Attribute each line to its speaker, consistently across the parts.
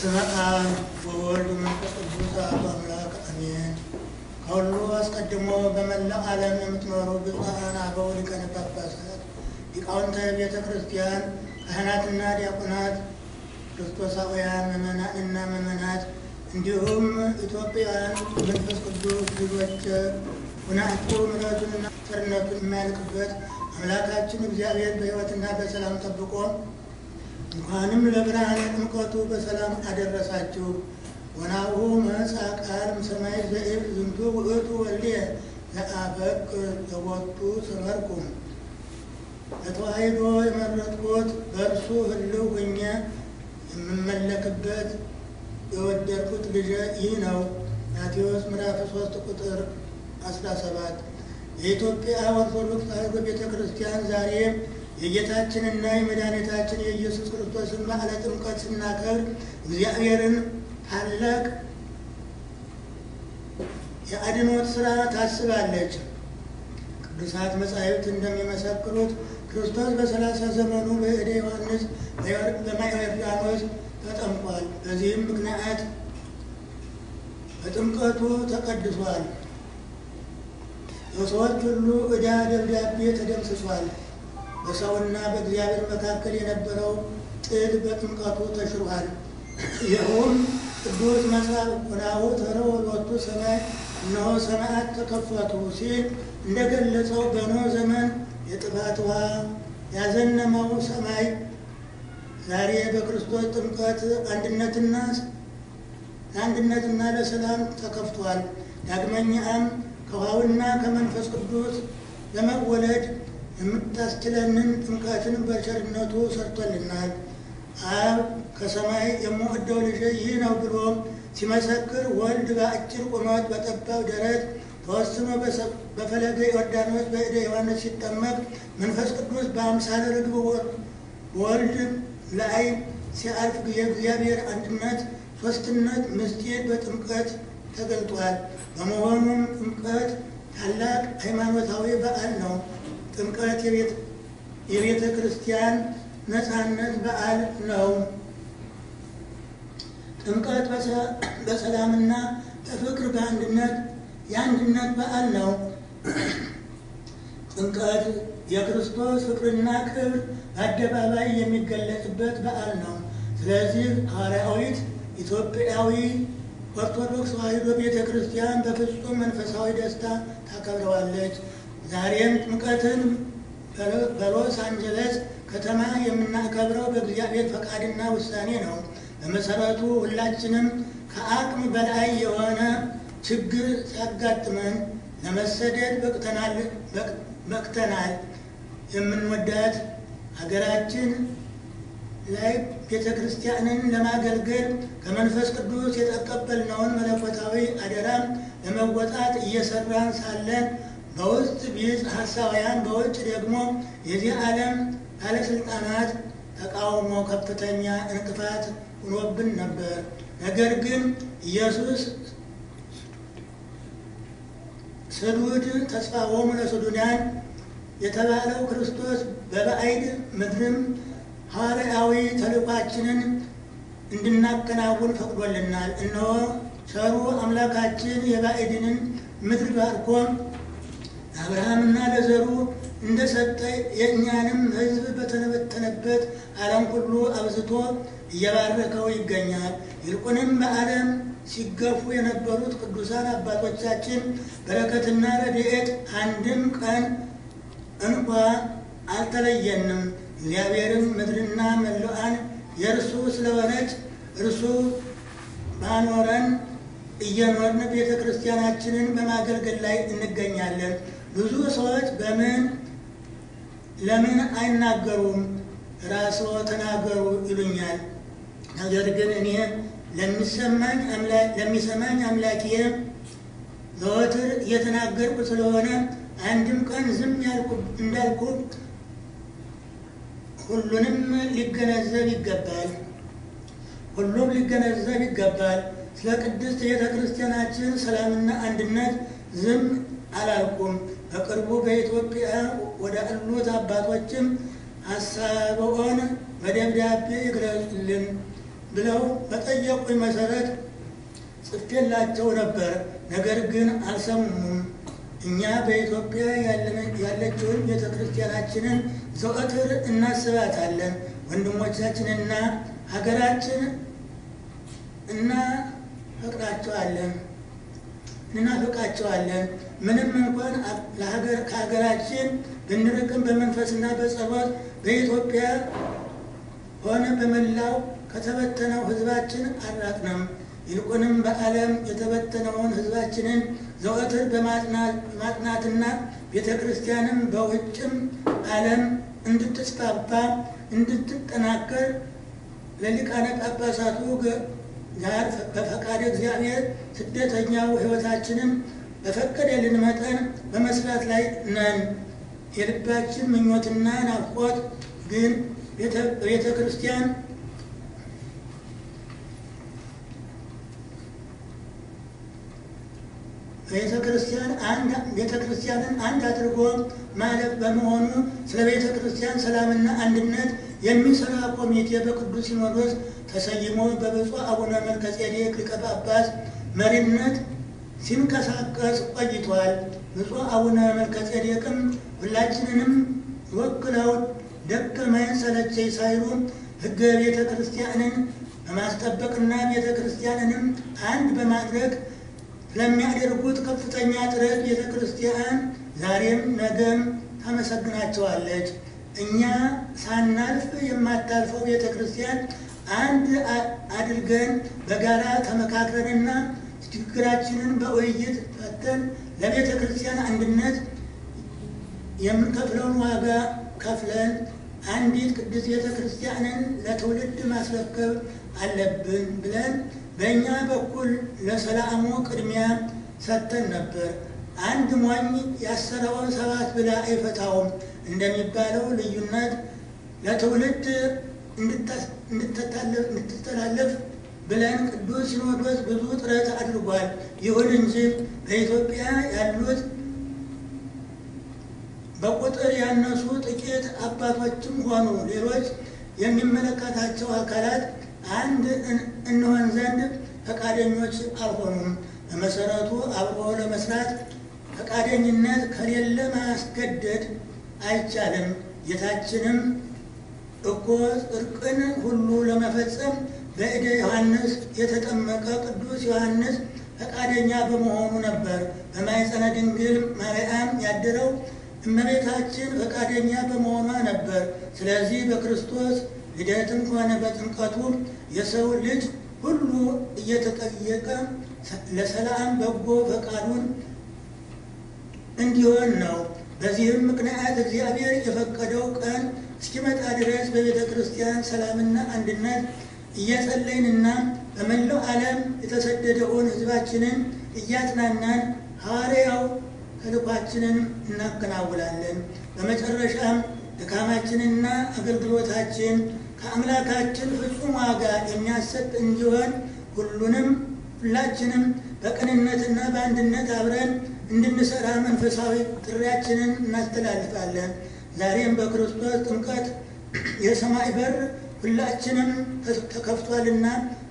Speaker 1: በስመ አብ ወወልድ መንፈስ ቅዱስ አሐዱ አምላክ አሜን። ከሁሉ አስቀድሞ በመላ ዓለም የምትኖሩ ብፁዓን አበው ሊቃነ ጳጳሳት፣ ሊቃውንተ ቤተ ክርስቲያን፣ ካህናትና ዲያቆናት፣ ክርስቶሳውያን ምዕመናንና ምዕመናት እንዲሁም ኢትዮጵያን መንፈስ ቅዱስ ልጆች ሁናችሁ ምሕረቱንና ቸርነቱን የማያልቅበት አምላካችን እግዚአብሔር በሕይወትና በሰላም ጠብቆ እንኳንም ለብርሃነ ጥምቀቱ በሰላም አደረሳችሁ። ወናሁ መጻ ቃርም ሰማይ ዘኢብ ዝንቱ ውእቱ ወልድየ ዘአፈቅ ዘወጡ ስመርኩም ለተዋሕዶ የመረጥኩት በእርሱ ሕልው ሆኜ የምመለክበት የወደድኩት ልጄ ይህ ነው። ማቴዎስ ምዕራፍ 3 ቁጥር 17 የኢትዮጵያ ኦርቶዶክስ ተዋሕዶ ቤተ ክርስቲያን ዛሬ የጌታችንና የመድኃኒታችን የኢየሱስ ክርስቶስን በዓለ ጥምቀት ስናከብር እግዚአብሔርን ታላቅ የአድኖት ስራ ታስባለች። ቅዱሳት መጻሕፍት እንደሚመሰክሩት ክርስቶስ በሰላሳ ዘመኑ በእደ ዮሐንስ በማየ ዮርዳኖስ ተጠምቋል። በዚህም ምክንያት በጥምቀቱ ተቀድሷል። የሰዎች ሁሉ እዳ ደብዳቤ ተደምስሷል። በሰውና በእግዚአብሔር መካከል የነበረው ጥል በጥምቀቱ ተሽሯል። ይኸውም ቅዱስ መጽሐፍ ወናሁ ተረወ ሎቱ ሰማይ እነሆ ሰማያት ተከፈቱ ሲል እንደገለጸው በኖ ዘመን የጥፋት ውሃ ያዘነመው ሰማይ ዛሬ በክርስቶስ ጥምቀት አንድነትና ለአንድነትና ለሰላም ተከፍቷል። ዳግመኛም ከውሃውና ከመንፈስ ቅዱስ ለመወለድ ። የምታስችለንን ጥምቀትን በቸርነቱ ሰርቶልናል። አብ ከሰማይ የምወደው ልጄ ይህ ነው ብሎ ሲመሰክር ወልድ በአጭር ቁመት በጠባብ ደረት ተወስኖ በፈለገ ዮርዳኖስ በእደ ዮሐንስ ሲጠመቅ መንፈስ ቅዱስ በአምሳለ ርግብ ወልድ ላይ ሲያርፍ የእግዚአብሔር አንድነት ሶስትነት ምስጢር በጥምቀት ተገልጧል። በመሆኑም ጥምቀት ታላቅ ሃይማኖታዊ በዓል ነው። ጥምቀት የቤተ ክርስቲያን ነፃነት በዓል ነው። ጥምቀት በሰላምና በፍቅር በአንድነት የአንድነት በዓል ነው። ጥምቀት የክርስቶስ ፍቅርና ክብር በአደባባይ የሚገለጽበት በዓል ነው። ስለዚህ ሐዋርያዊት ኢትዮጵያዊ ኦርቶዶክስ ተዋሕዶ ቤተ ክርስቲያን በፍጹም መንፈሳዊ ደስታ ታከብረዋለች። ዛሬም ጥምቀትን በሎስ አንጀለስ ከተማ የምናከብረው በእግዚአብሔር ፈቃድና ውሳኔ ነው። በመሰረቱ ሁላችንም ከአቅም በላይ የሆነ ችግር ሲያጋጥመን ለመሰደድ በቅተናል። የምንወዳት ሀገራችን ላይ ቤተ ክርስቲያንን ለማገልገል ከመንፈስ ቅዱስ የተቀበልነውን መለኮታዊ አደራ ለመወጣት እየሰራን ሳለን በውስጥ ቢጽ ሀሳውያን በውጭ ደግሞ የዚህ ዓለም ባለሥልጣናት ተቃውሞ ከፍተኛ እንቅፋት ሆኖብን ነበር። ነገር ግን ኢየሱስ ስዱድ ተስፋሆሙ ለሰዱናን የተባለው ክርስቶስ በባዕድ ምድርም ሐዋርያዊ ተልኳችንን እንድናከናውን ፈቅዶልናል። እነሆ ሰሩ አምላካችን የባዕድንን ምድር ባርኮ ለአብርሃምና ለዘሩ እንደሰጠ የእኛንም ሕዝብ በተነበተነበት ዓለም ሁሉ አብዝቶ እየባረከው ይገኛል። ይልቁንም በዓለም ሲገፉ የነበሩት ቅዱሳን አባቶቻችን በረከትና ረድኤት አንድም ቀን እንኳ አልተለየንም። እግዚአብሔርም ምድርና መልአን የእርሱ ስለሆነች እርሱ ባኖረን እየኖርን ቤተ ክርስቲያናችንን በማገልገል ላይ እንገኛለን። ብዙ ሰዎች በምን ለምን አይናገሩም? ራስዎ ተናገሩ ይሉኛል። ነገር ግን እኔ ለሚሰማኝ አምላኬ ዘወትር እየተናገርኩ ስለሆነ አንድም ቀን ዝም እንዳልኩ ሁሉንም ሊገነዘብ ይገባል። ሁሉም ሊገነዘብ ይገባል። ስለ ቅድስት ቤተ ክርስቲያናችን ሰላምና አንድነት ዝም አላልኩም። በቅርቡ በኢትዮጵያ ወደ አሉት አባቶችም አሳበኦን በደብዳቤ ይግለጹልን ብለው በጠየቁኝ መሰረት ጽፌላቸው ነበር። ነገር ግን አልሰሙም። እኛ በኢትዮጵያ ያለችውን ቤተ ክርስቲያናችንን ዘወትር እናስባታለን። ወንድሞቻችንና ሀገራችን እናፈቅራቸዋለን። እናፍቃቸዋለን። ምንም እንኳን ከሀገራችን ብንርቅም በመንፈስና በጸሎት በኢትዮጵያ ሆነ በመላው ከተበተነው ሕዝባችን አልራቅንም። ይልቁንም በዓለም የተበተነውን ሕዝባችንን ዘወትር በማጥናትና ቤተ ክርስቲያንም በውጭም ዓለም እንድትስፋፋ እንድትጠናከር ለሊቃነ ጳጳሳቱ በፈቃድ እግዚአብሔር ስደተኛው ህይወታችንም በፈቀደልን መጠን በመስራት ላይ ነን። የልባችን ምኞትና ናፍቆት ግን ቤተ ክርስቲያን ቤተ ክርስቲያንን አንድ አድርጎ ማለፍ በመሆኑ ስለ ቤተ ክርስቲያን ሰላምና አንድነት የሚሰራ ኮሚቴ በቅዱስ ሲኖዶስ ተሰይሞ በብፁዕ አቡነ መልከ ጼዴቅ ሊቀ ጳጳስ መሪነት ሲንቀሳቀስ ቆይቷል። ብፁዕ አቡነ መልከ ሁላችንንም ወክለው ደከመኝ ሰለቸኝ ሳይሉ ሕገ ቤተ ክርስቲያንን በማስጠበቅና ቤተ ክርስቲያንንም አንድ በማድረግ ስለሚያደርጉት ከፍተኛ ጥረት ቤተ ክርስቲያን ዛሬም ነገም ታመሰግናቸዋለች። እኛ ሳናልፍ የማታልፈው ቤተ ክርስቲያን አንድ አድርገን በጋራ ተመካክረንና ችግራችንን በውይይት ፈተን ለቤተ ክርስቲያን አንድነት የምንከፍለውን ዋጋ ከፍለን አንዲት ቅዱስ ቤተ ክርስቲያንን ለትውልድ ማስረከብ አለብን ብለን በእኛ በኩል ለሰላሙ ቅድሚያ ሰጥተን ነበር። አንድ ሟኝ ያሰረውን ሰባት ብላ አይፈታውም እንደሚባለው ልዩነት ለትውልድ እንድትተላለፍ ብለን ቅዱስ ሲኖዶስ ብዙ ጥረት አድርጓል። ይሁን እንጂ በኢትዮጵያ ያሉት በቁጥር ያነሱ ጥቂት አባቶችም ሆኑ ሌሎች የሚመለከታቸው አካላት አንድ እንሆን ዘንድ ፈቃደኞች አልሆኑም። በመሰረቱ አብሮ ለመስራት ፈቃደኝነት ከሌለ ማስገደድ አይቻልም። ጌታችንም እኮ እርቅን ሁሉ ለመፈጸም በእደ ዮሐንስ የተጠመቀ ቅዱስ ዮሐንስ ፈቃደኛ በመሆኑ ነበር። በማይጸነ ድንግል ማርያም ያደረው እመቤታችን ፈቃደኛ በመሆኗ ነበር። ስለዚህ በክርስቶስ ልደትም ሆነ በጥምቀቱ የሰው ልጅ ሁሉ እየተጠየቀ ለሰላም በጎ ፈቃዱን እንዲሆን ነው። በዚህም ምክንያት እግዚአብሔር የፈቀደው ቀን እስኪመጣ ድረስ በቤተ ክርስቲያን ሰላምና አንድነት እየጸለይንና በመላው ዓለም የተሰደደውን ሕዝባችንን እያጽናናን ሐዋርያው ተልኳችንን እናከናውላለን። በመጨረሻም ድካማችንና አገልግሎታችን ከአምላካችን ፍጹም ዋጋ የሚያሰጥ እንዲሆን ሁሉንም ሁላችንም በቅንነትና በአንድነት አብረን እንድንሰራ መንፈሳዊ ጥሪያችንን እናስተላልፋለን። ዛሬም በክርስቶስ ጥምቀት የሰማይ በር ሁላችንም ተከፍቷልና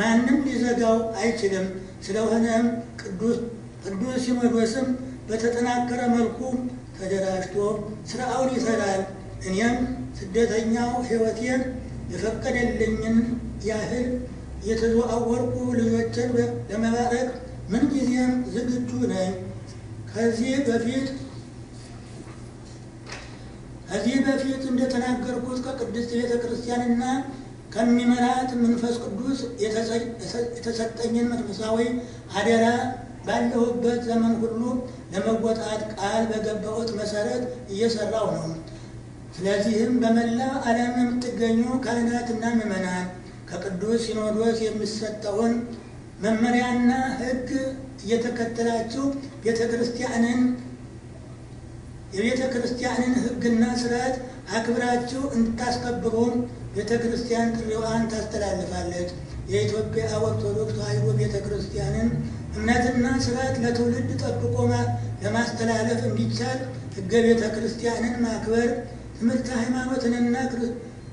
Speaker 1: ማንም ሊዘጋው አይችልም። ስለሆነም ቅዱስ ሲኖዶስም በተጠናከረ መልኩ ተደራጅቶ ስራውን ይሰራል። እኔም ስደተኛው ሕይወቴን የፈቀደልኝን ያህል የተዘዋወርኩ ልጆችን ለመባረክ ምንጊዜም ዝግጁ ነኝ። ከዚህ በፊት ከዚህ በፊት እንደተናገርኩት ከቅድስት ቤተ ክርስቲያንና ከሚመራት መንፈስ ቅዱስ የተሰጠኝን መንፈሳዊ አደራ ባለሁበት ዘመን ሁሉ ለመወጣት ቃል በገባሁት መሰረት እየሰራሁ ነው። ስለዚህም በመላ ዓለም የምትገኙ ካህናትና ምዕመናን ከቅዱስ ሲኖዶስ የሚሰጠውን መመሪያና ሕግ እየተከተላችሁ ቤተ ክርስቲያንን የቤተ ክርስቲያንን ሕግና ስርዓት አክብራችሁ እንድታስከብሩ ቤተ ክርስቲያን ጥሪዋን ታስተላልፋለች። የኢትዮጵያ ኦርቶዶክስ ተዋሕዶ ቤተ ክርስቲያንን እምነትና ስርዓት ለትውልድ ጠብቆ ለማስተላለፍ እንዲቻል ሕገ ቤተ ክርስቲያንን ማክበር ትምህርት ሃይማኖትንና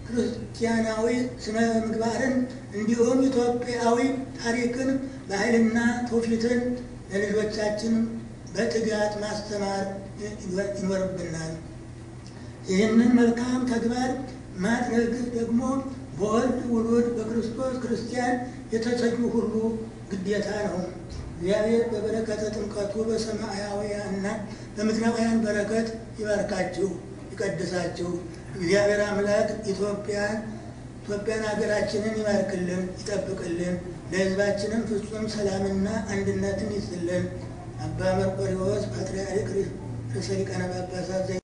Speaker 1: ክርስቲያናዊ ስነ ምግባርን እንዲሁም ኢትዮጵያዊ ታሪክን ባህልና ትውፊትን ለልጆቻችን በትጋት ማስተማር ይኖርብናል። ይህንን መልካም ተግባር ማድረግ ደግሞ በወልድ ውሉድ በክርስቶስ ክርስቲያን የተሰኙ ሁሉ ግዴታ ነው። እግዚአብሔር በበረከተ ጥምቀቱ በሰማያውያንና በምድራውያን በረከት ይባርካችሁ፣ ይቀድሳችሁ። እግዚአብሔር አምላክ ኢትዮጵያን ኢትዮጵያን ሀገራችንን ይባርክልን፣ ይጠብቅልን፣ ለሕዝባችንም ፍጹም ሰላምና አንድነትን ይስጥልን። አባ መርቆሪዎስ ፓትርያርክ ርዕሰ ሊቃነ ጳጳሳት